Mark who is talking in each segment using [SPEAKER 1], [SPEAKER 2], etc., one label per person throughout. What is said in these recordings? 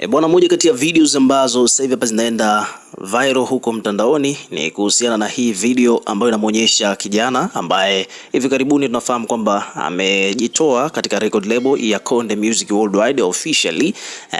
[SPEAKER 1] E, bwana, moja kati ya videos ambazo sasa hivi hapa zinaenda viral huko mtandaoni ni kuhusiana na hii video ambayo inamuonyesha kijana ambaye hivi karibuni tunafahamu kwamba amejitoa katika record label ya Konde Music Worldwide officially,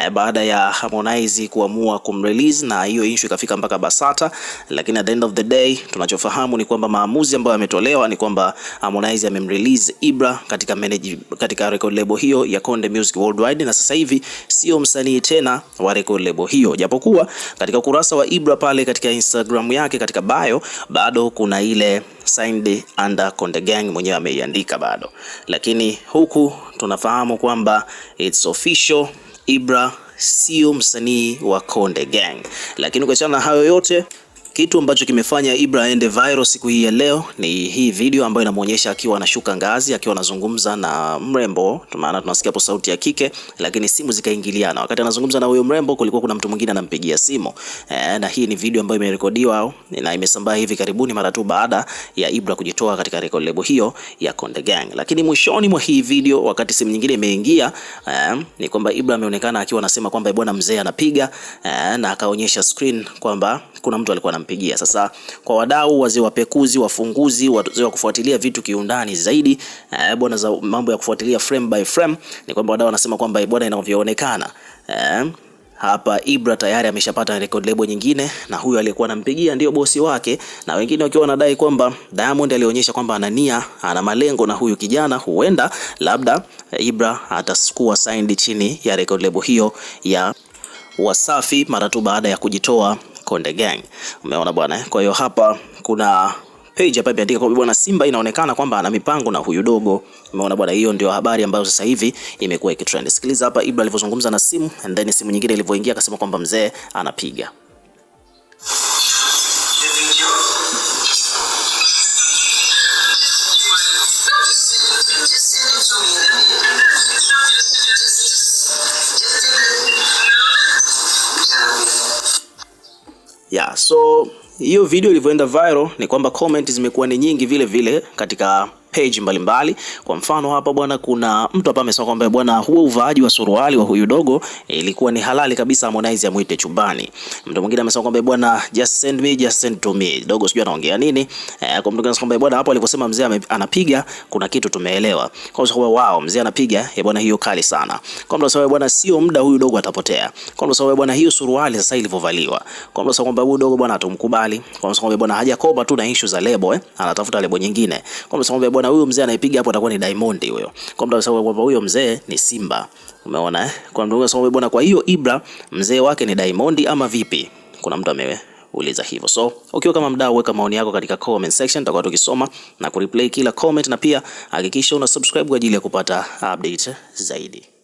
[SPEAKER 1] e, baada ya Harmonize kuamua kumrelease na hiyo issue ikafika mpaka Basata, lakini at the end of the day tunachofahamu ni kwamba maamuzi ambayo yametolewa ni kwamba Harmonize amemrelease Ibra katika manage, katika record label hiyo ya Konde Music Worldwide na sasa hivi sio msanii tena tena wa record label hiyo, japokuwa katika ukurasa wa Ibra pale katika Instagram yake katika bio bado kuna ile signed under Konde Gang mwenyewe ameiandika bado, lakini huku tunafahamu kwamba it's official Ibra sio msanii wa Konde Gang. Lakini ukiachana na hayo yote kitu ambacho kimefanya Ibra aende viral siku hii ya leo ni hii video ambayo inamuonyesha akiwa anashuka ngazi akiwa anazungumza na mrembo, maana tunasikia hapo sauti ya kike, lakini simu zikaingiliana. Wakati anazungumza na huyo mrembo, kulikuwa kuna mtu mwingine anampigia simu e, na hii ni video ambayo imerekodiwa na imesambaa hivi karibuni mara tu baada ya Ibra kujitoa katika record label hiyo ya Konde Gang. Lakini mwishoni mwa hii video, wakati simu nyingine imeingia, e, ni kwamba Ibra ameonekana akiwa anasema kwamba bwana mzee anapiga e, na akaonyesha screen kwamba kuna mtu alikuwa anampigia. Sasa kwa wadau, wazee wa pekuzi, wafunguzi, wazee wa kufuatilia vitu kiundani zaidi e, bwana za mambo ya kufuatilia frame by frame, ni kwamba wadau wanasema kwamba eh, bwana, inavyoonekana e, hapa Ibra tayari ameshapata record label nyingine, na huyu aliyekuwa anampigia ndio bosi wake, na wengine wakiwa wanadai kwamba Diamond alionyesha kwamba ana nia, ana malengo na huyu kijana, huenda labda Ibra atakuwa signed chini ya record label hiyo ya Wasafi mara tu baada ya kujitoa Konde Gang. Umeona bwana, eh? kwa hiyo hapa kuna page hapa imeandika kwa bwana Simba inaonekana kwamba ana mipango na huyu dogo. Umeona bwana, hiyo ndio habari ambayo sasa hivi imekuwa ikitrend. Sikiliza hapa Ibra alivyozungumza na simu and then simu nyingine ilivyoingia akasema kwamba mzee anapiga yeah, so hiyo video ilivyoenda viral ni kwamba comment zimekuwa ni nyingi vile vile katika page mbalimbali mbali. Kwa mfano hapa bwana, kuna mtu hapa amesema kwamba bwana, huo uvaaji wa suruali wa huyu dogo ilikuwa ni halali kabisa, Harmonize amuite chumbani. Mtu mwingine amesema kwamba bwana, just send me, just send to me. Dogo sijui anaongea nini eh. Kwa mtu mwingine kwamba bwana, hapo aliposema mzee anapiga kuna kitu tumeelewa, kwa sababu wao mzee anapiga eh bwana, hiyo kali sana. Kwa mtu sababu bwana, sio muda huyu dogo atapotea. Kwa mtu sababu bwana, hiyo suruali sasa ilivovaliwa. Kwa mtu sababu huyu dogo bwana, atumkubali. Kwa mtu sababu bwana, hajakoba tu na issue za lebo eh, anatafuta lebo nyingine. Kwa mtu sababu bwana na huyo mzee anayepiga hapo atakuwa ni Diamond huyo. Kwa mtu anasema kwamba huyo mzee ni Simba. Umeona eh? Kwa mtu anasema bwana, kwa hiyo Ibra mzee wake ni Diamond ama vipi? Kuna mtu amewe uliza hivyo. So ukiwa kama mdau, weka maoni yako katika comment section, tutakuwa tukisoma na kureplay kila comment, na pia hakikisha una subscribe kwa ajili ya kupata update zaidi.